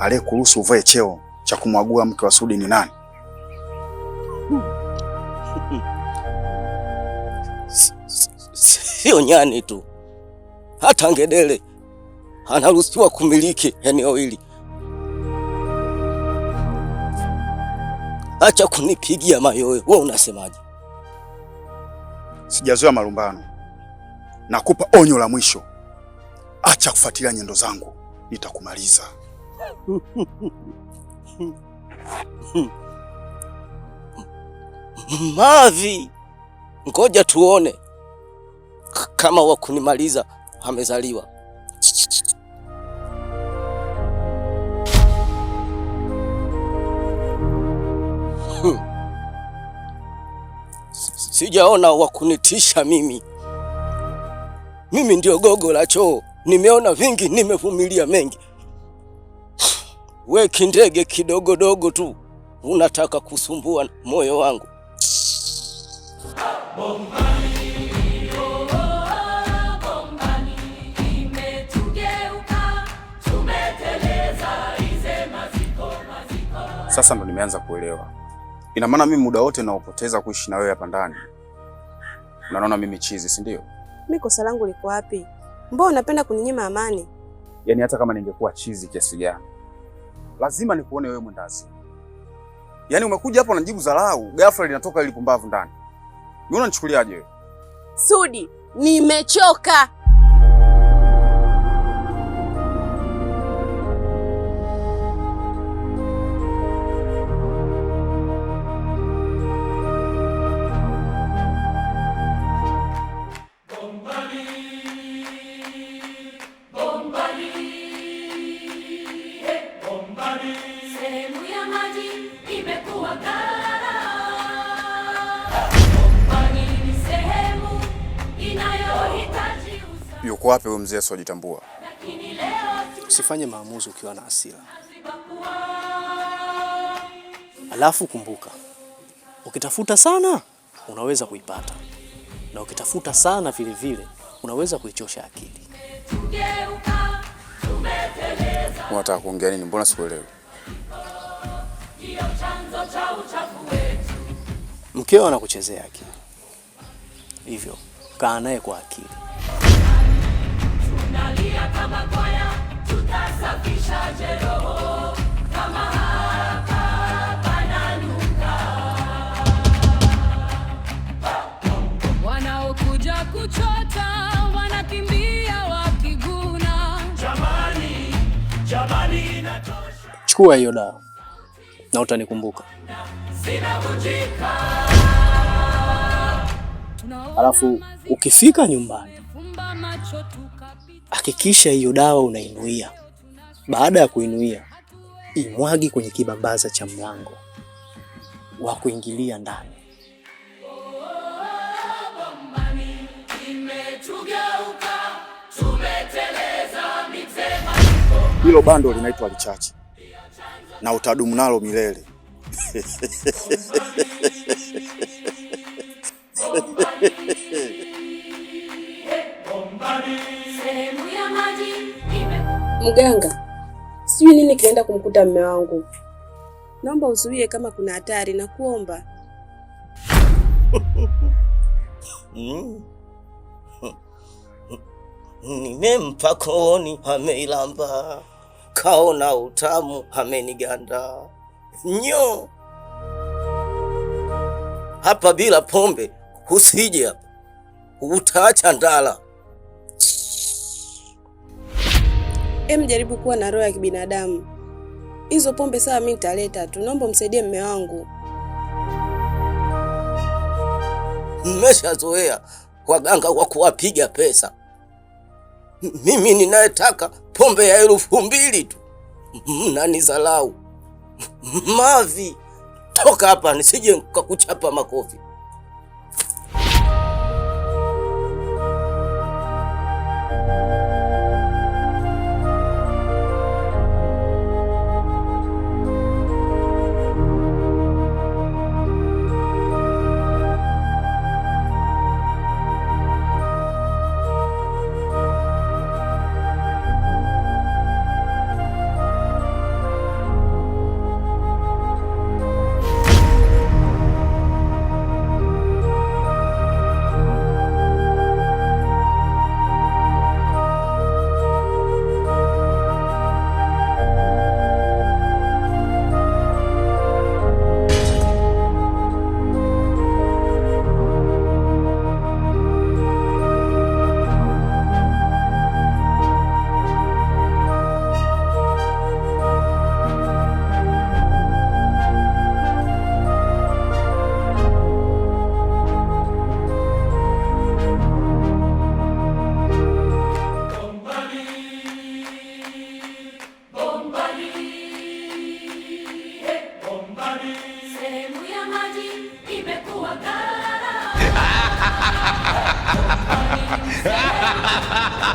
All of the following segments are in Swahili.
aliyekuruhusu uvae cheo cha kumwagua mke wa Sudi ni nani? Sio nyani tu, hata ngedere anaruhusiwa kumiliki eneo hili. Acha kunipigia mayoyo. Wewe unasemaje? Sijazoea malumbano, nakupa onyo la mwisho. Acha kufuatilia nyendo zangu, nitakumaliza. Mavi, ngoja tuone kama wa kunimaliza amezaliwa. Hmm. Sijaona wa kunitisha mimi. Mimi ndio gogo la choo, nimeona vingi, nimevumilia mengi we kindege kidogodogo tu unataka kusumbua moyo wangu. Sasa ndo nimeanza kuelewa, ina maana mimi muda wote naopoteza kuishi na wewe hapa ndani unaona mimi chizi, si ndio? Mimi kosa langu liko wapi? Mbona unapenda kuninyima amani? Yaani hata kama ningekuwa chizi kiasi gani lazima nikuone wewe mwendazi. Yaani umekuja hapo unajibu dharau, ghafla linatoka ile pumbavu ndani. Mimi unanichukuliaje wewe? Sudi, nimechoka. yuko wapi huyo mzee asiojitambua? Usifanye maamuzi ukiwa na hasira, alafu kumbuka, ukitafuta sana unaweza kuipata, na ukitafuta sana vile vile unaweza kuichosha akili. Unataka kuongea nini? Mbona sikuelewi? Mkeo anakuchezea akili, hivyo kaa naye kwa akili kama kwaya tutasafishaje roho kama hapa pananuka? Wanaokuja kuchota wanakimbia wakiguna. Jamani, jamani, inatosha. Chukua hiyo dawa na utanikumbuka. Alafu ukifika nyumbani hakikisha hiyo dawa unainuia. Baada ya kuinuia, imwagi kwenye kibambaza cha mlango wa kuingilia ndani. Hilo bando linaitwa lichache na utadumu nalo milele. Mganga, sijui nini kinaenda kumkuta mme wangu. Naomba uzuie kama kuna hatari na kuomba. Nimempa kooni ameilamba, kaona utamu ameniganda. Nyo hapa bila pombe husije hapa, utaacha ndala. Em, jaribu kuwa na roho ya kibinadamu. Hizo pombe sawa, mimi nitaleta tu, naomba msaidie mme wangu. Mmeshazoea waganga wa kuwapiga pesa. Mimi ninayetaka pombe ya elfu mbili tu, mnanizalau. Mavi, toka hapa nisije nikakuchapa makofi.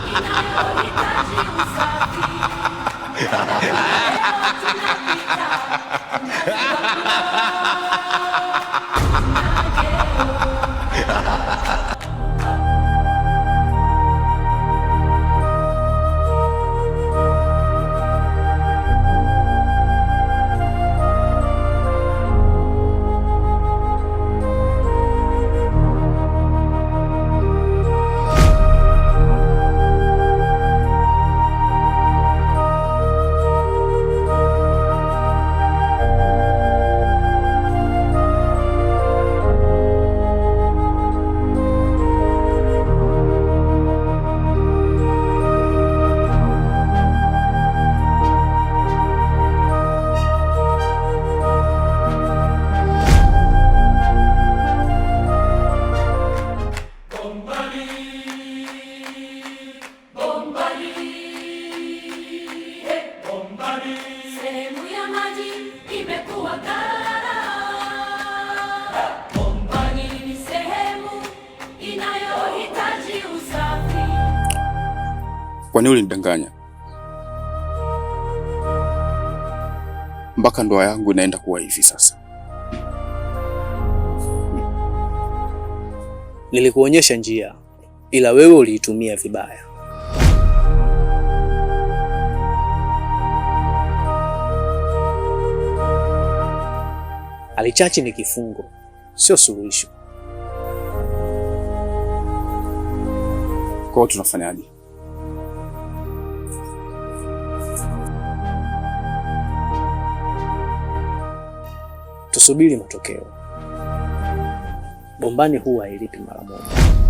Ha ha ha ha ha! nyumbani. Sehemu ya maji imekuwa Bombani ni sehemu inayohitaji usafi. Kwa nini ulinidanganya? Mpaka ndoa yangu inaenda kuwa hivi sasa. Nilikuonyesha njia ila wewe uliitumia vibaya. Halichachi ni kifungo, sio suluhisho. Kwa hiyo tunafanyaje? Tusubiri matokeo. Bombani huwa hailipi mara moja.